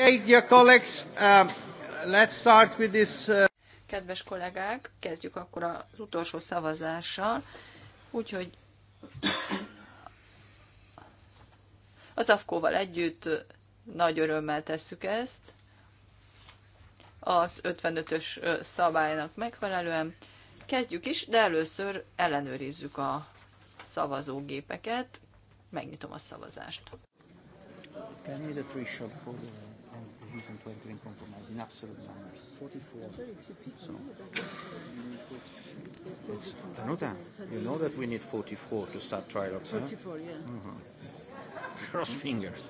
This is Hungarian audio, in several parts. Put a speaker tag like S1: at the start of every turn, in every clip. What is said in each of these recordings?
S1: Okay, dear colleagues, um, let's start with this. Uh... Kedves kollégák, kezdjük akkor az utolsó szavazással. Úgyhogy az AFKO-val együtt nagy örömmel tesszük ezt az 55-ös szabálynak megfelelően. Kezdjük is, de először ellenőrizzük a szavazógépeket. Megnyitom a szavazást. Can you the three shot for the and he's encountering compromise in absolute numbers. 44. So, it's, Danuta, you know that we need 44 to start trilogues, 44, huh? yeah. Mm-hmm. Cross fingers.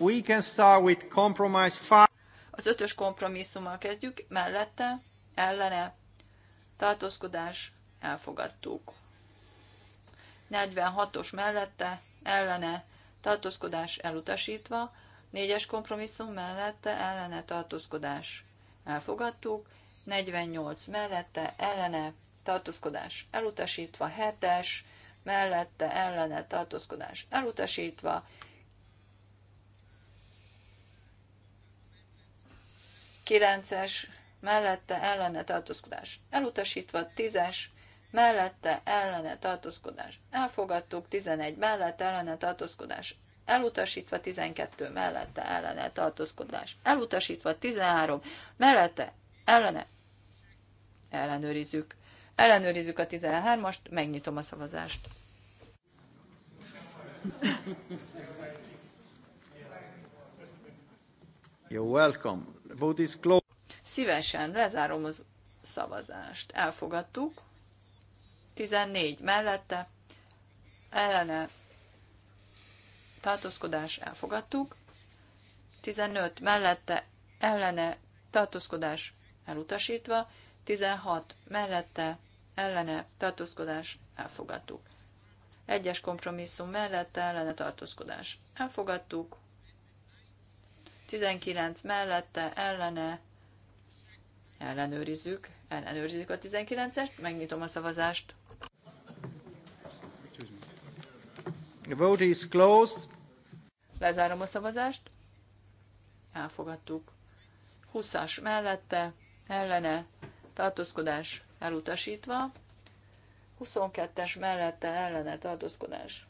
S1: We can start with compromise five. Az ötös kompromisszummal kezdjük, mellette, ellene, tartózkodás, elfogadtuk. 46-os mellette, ellene, tartózkodás elutasítva, négyes kompromisszum mellette, ellene, tartózkodás elfogadtuk, 48 mellette, ellene, tartózkodás elutasítva, 7-es, mellette, ellene, tartózkodás elutasítva, 9-es mellette ellene tartózkodás elutasítva, 10-es mellette ellene tartózkodás elfogadtuk, 11 mellette ellene tartózkodás elutasítva, 12 mellette ellene tartózkodás elutasítva, 13 mellette ellene ellenőrizzük. Ellenőrizzük a 13-ast, megnyitom a szavazást. You're welcome. Vote is closed. Szívesen lezárom az szavazást. Elfogadtuk. 14 mellette, ellene tartózkodás elfogadtuk. 15 mellette, ellene tartózkodás elutasítva. 16 mellette, ellene tartózkodás elfogadtuk. Egyes kompromisszum mellette ellene tartózkodás elfogadtuk. 19 mellette, ellene, ellenőrizzük, ellenőrizzük a 19-est, megnyitom a szavazást. The vote is closed. Lezárom a szavazást. Elfogadtuk. 20-as mellette, ellene, tartózkodás elutasítva. 22-es mellette, ellene, tartózkodás.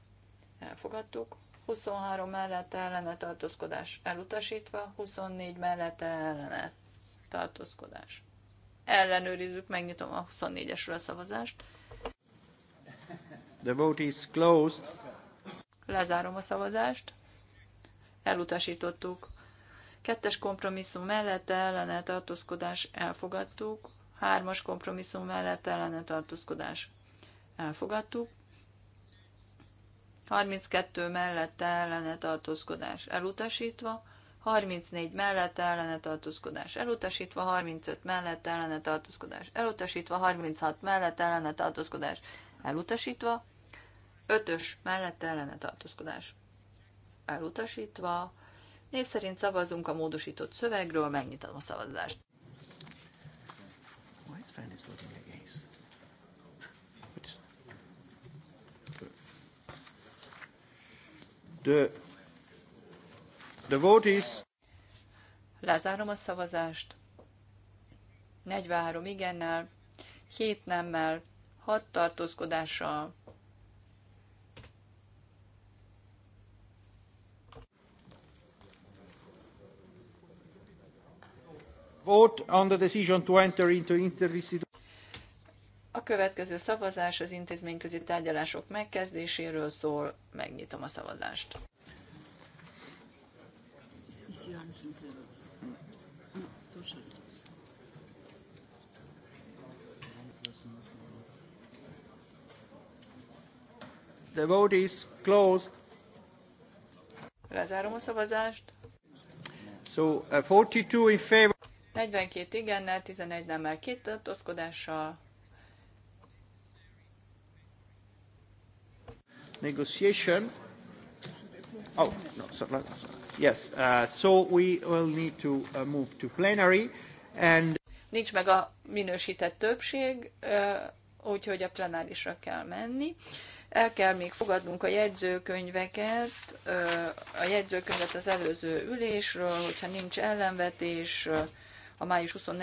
S1: Elfogadtuk. 23 mellette ellene tartózkodás elutasítva, 24 mellette ellene tartózkodás. Ellenőrizzük, megnyitom a 24-esről a szavazást. The vote is closed. Lezárom a szavazást. Elutasítottuk. Kettes kompromisszum mellette ellene tartózkodás elfogadtuk. Hármas kompromisszum mellett ellene tartózkodás elfogadtuk. 32 mellette ellene tartózkodás elutasítva, 34 mellette ellene tartózkodás elutasítva, 35 mellette ellene tartózkodás elutasítva, 36 mellette ellene tartózkodás elutasítva, 5-ös mellette ellene tartózkodás elutasítva. Név szerint szavazunk a módosított szövegről, megnyitom a szavazást. Why is The, the vote is... Lezárom a szavazást. 43 igennel, 7 nemmel, 6 tartózkodással. Vote on the decision to enter into interdisciplinary a következő szavazás az intézményközi tárgyalások megkezdéséről szól, megnyitom a szavazást. The vote is closed. Lezárom a szavazást. So, uh, 42 in favor. 42 igennel, 11 nemmel, két tartózkodással negotiation. Oh, no, sorry. Yes, uh, so we will need to uh, move to plenary and Nincs meg a minősített többség, uh, úgyhogy a plenárisra kell menni. El kell még fogadnunk a jegyzőkönyveket, uh, a jegyzőkönyvet az előző ülésről, hogyha nincs ellenvetés, uh, a május 24